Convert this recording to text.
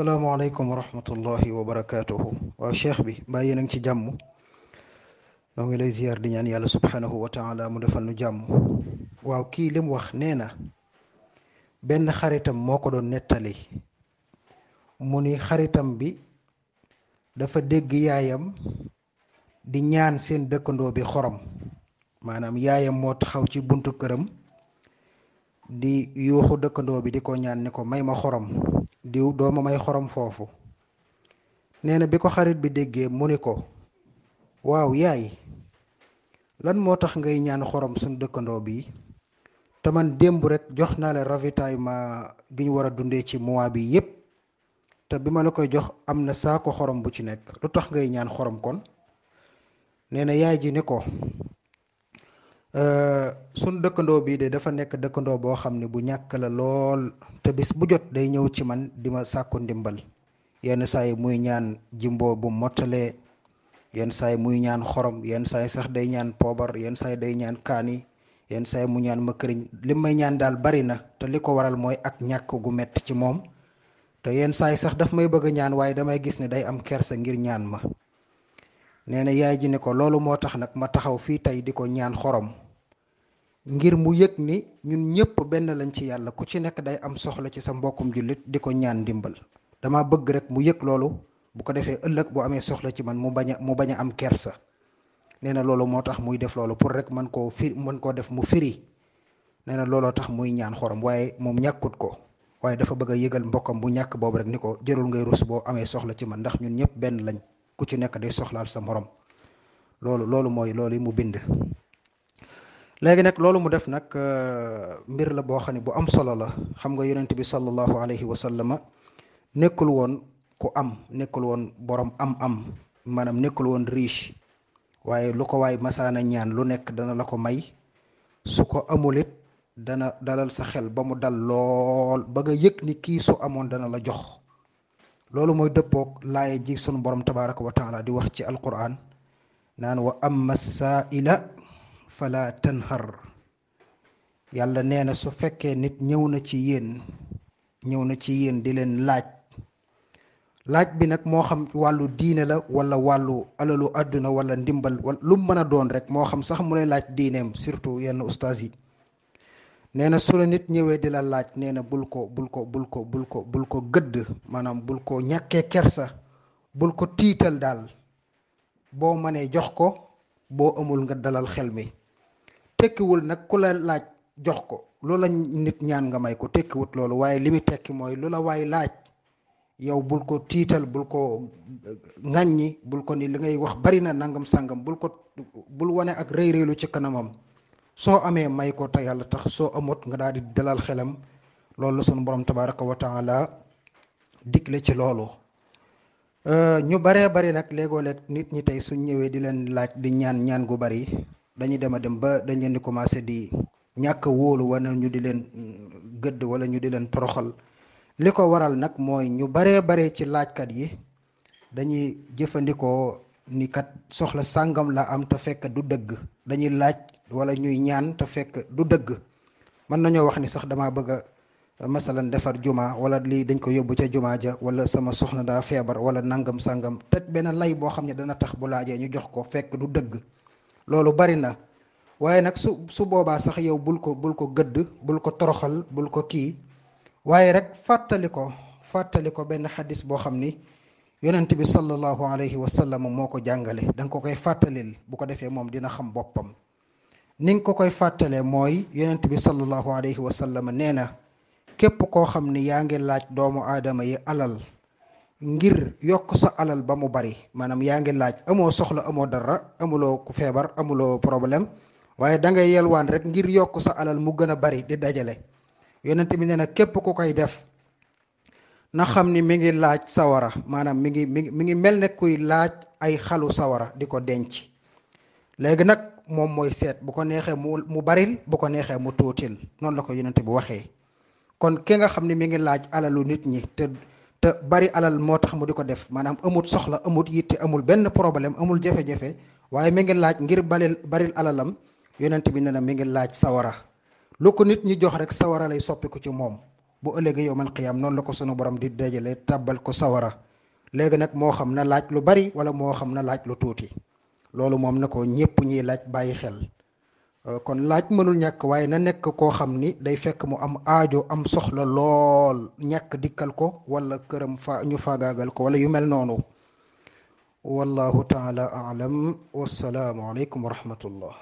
salaamaaleykum wa rahmatullahi wa barakaatuhu waaw cheikh bi mbaa yéen ngi ci jàmm noo ngi lay ziar di ñaan yàlla subhanahu wa taala mu defal nu jàmm waaw kii li wax nee na benn xaritam moo ko doon nettali mu ni xaritam bi dafa dégg yaayam di ñaan seen dëkkandoo bi xorom maanaam yaayam moo taxaw ci buntu këram di yuuxu dëkkandoo bi di ko ñaan ne ko may ma xorom diw dooma may xorom foofu nee na bi ko xarit bi déggee mu ni ko waaw yaay lan moo tax ngay ñaan xorom suñ dëkkandoo bii te man démb rekk jox naa la ravitaillement ma ñu war a dundee ci mois bii yépp te bi ma la koy jox am na saako xorom bu ci nekk lu tax ngay ñaan xorom kon nee na yaay ji ni ko Euh, suñ dëkkandoo bii de dafa nekk dëkkandoo boo xam ne bu ñàkk la lool te bis bu jot day ñëw ci man di ma sàkku ndimbal yenn saa muy ñaan jimboo bu mottalee yenn saa muy ñaan xorom yenn saay sax day ñaan poobar yenn saa day ñaan kaani yenn saa yi mu ñaan ma këriñ li may ñaan daal bari na te li ko waral mooy ak ñàkk gu metti ci moom te yenn saa yi sax dafa may bëgg ñaan waaye damay gis ne day am kersa ngir ñaan ma neena yaay ji ne ko loolu moo tax nag ma taxaw fii tey di ko ñaan xorom ngir mu yëg ni ñun ñëpp benn lañ ci yàlla ku ci nekk day am soxla ci sa mbokkum jullit di ko ñaan ndimbal dama bëgg rek mu yëg loolu bu ko defee ëllëg bu amee soxla ci man mu bañ mu bañ am kersa nee na loolu moo tax muy def loolu pour rek man koo firi mën koo def mu firi nee na looloo tax muy ñaan xorom waaye moom ñàkkut ko waaye dafa bëgg a yëgal mbokkam bu ñàkk boobu rek ni ko jërul ngay rus boo amee soxla ci man ndax ñun ñëpp benn lañ ku ci nekk day soxlaal sa morom loolu loolu mooy loolu mu bind léegi nag loolu mu def nag euh, mbir la boo xam ne bu am solo la xam nga yonent bi sallallahu alayhi wa sallama nekkul woon ku am nekkul woon borom am-am maanaam nekkul woon riche waaye lu ko waay masaana ñaan lu nekk dana la ko may su ko amulit dana dalal sa xel ba mu dal lool ba nga yëg ni kii su amoon dana la jox loolu mooy dëppook laaye ji sunu borom tabaraka wa taala di wax ci alquran naan wa amma saaila fala xar yàlla nee na su fekkee nit ñëw na ci yéen ñëw na ci yéen di leen laaj laaj bi nag moo xam wàllu diine la wala wàllu alalu àdduna wala ndimbal lu mën a doon rek moo xam sax mu lay laaj diineem surtout yenn ustaas nee na su la nit ñëwee di la laaj nee na bul ko bul ko bul ko bul ko bul ko gëdd maanaam bul ko ñàkkee kersa bul ko tiital daal boo mënee jox ko boo amul nga dalal xel mi tekkiwul nag ku la laaj jox ko loola nit ñaan nga may ko tekkiwut loolu waaye li muy tekki mooy lu la waay laaj yow bul ko tiital bul ko euh, ŋàññi bul ko ni li ngay wax bari na nangam sàngam bul ko bul wane ak rëy rëylu ci kanamam soo amee may ko te yàlla tax soo amut nga daal di dalal xelam loolu la sunu borom tabaraka wa taala digle ci loolu euh, ñu baree bari nag léegoo-leeg nit ñi tey suñ ñëwee di leen laaj di ñaan ñaan gu bari dañuy dem a dem ba dañ leen di commencé di ñàkk wóolu wala ñu di leen mm, gëdd wala ñu di leen toroxal li ko waral nag mooy ñu baree bare ci laajkat yi dañuy jëfandikoo ni kat soxla sàngam la am te fekk du dëgg dañuy laaj wala ñuy ñaan te fekk du dëgg man nañu wax ni sax dama bëgg masalan defar juma wala li dañ ko yobbu ca juma ja wala sama soxna da febar wala nangam sangam teg ben lay bo xamne dana tax bu laaje ñu jox ko fekk du dëgg lolu bari na waye nak su su boba sax yow bul ko bul ko gëdd bul ko toroxal bul ko ki waye rek fataliko fataliko ben hadith bo xamni ni yonent bi sallallahu alayhi wa sallam moko ko dang ko koy fatalil bu ko defé mom dina xam boppam ni nga ko koy fàttale mooy yonent bi sallallahu alayhi wa sallam nee na képp koo xam ni yaa ngi laaj doomu aadama yi alal ngir yokk sa alal ba mu bari maanaam yaa ngi laaj amoo soxla amoo dara amuloo ku feebar amuloo problème waaye dangay ngay rek ngir yokk sa alal mu gën a bari di dajale yonent bi nee na képp ku koy def na xam ni mi ngi laaj sawara maanaam mi ngi mi mi ngi mel ne kuy laaj ay xalu sawara di ko denc léegi nag moom mooy seet bu ko neexee mu mu baril bu ko neexee mu tuutil noonu la ko yonent bi waxee kon ki nga xam ne mi ngi laaj alalu nit ñi te te bari alal moo tax mu di ko def maanaam amut soxla amut yitte amul benn problème amul jafe-jafe waaye mi ngi laaj ngir balil baril alalam yenent bi ne na mi ngi laaj sawara lu ko nit ñi jox rek sawara lay soppiku ci moom bu ëllëgee yowmal qiyaam noonu la ko sunu borom di dajale tàbbal ko sawara léegi nag moo xam na laaj lu bari wala moo xam na laaj lu tuuti loolu mom nako ñëpp ñi laaj bàyyi xel kon laaj mënul ñak waye na nek ko xamni day fekk mu am aajo am soxla lol ñak dikkal ko wala kërëm fa ñu fagaagal ko wala yu mel nonu wallahu taala alam wasalaamu aleykum wa rahmatullah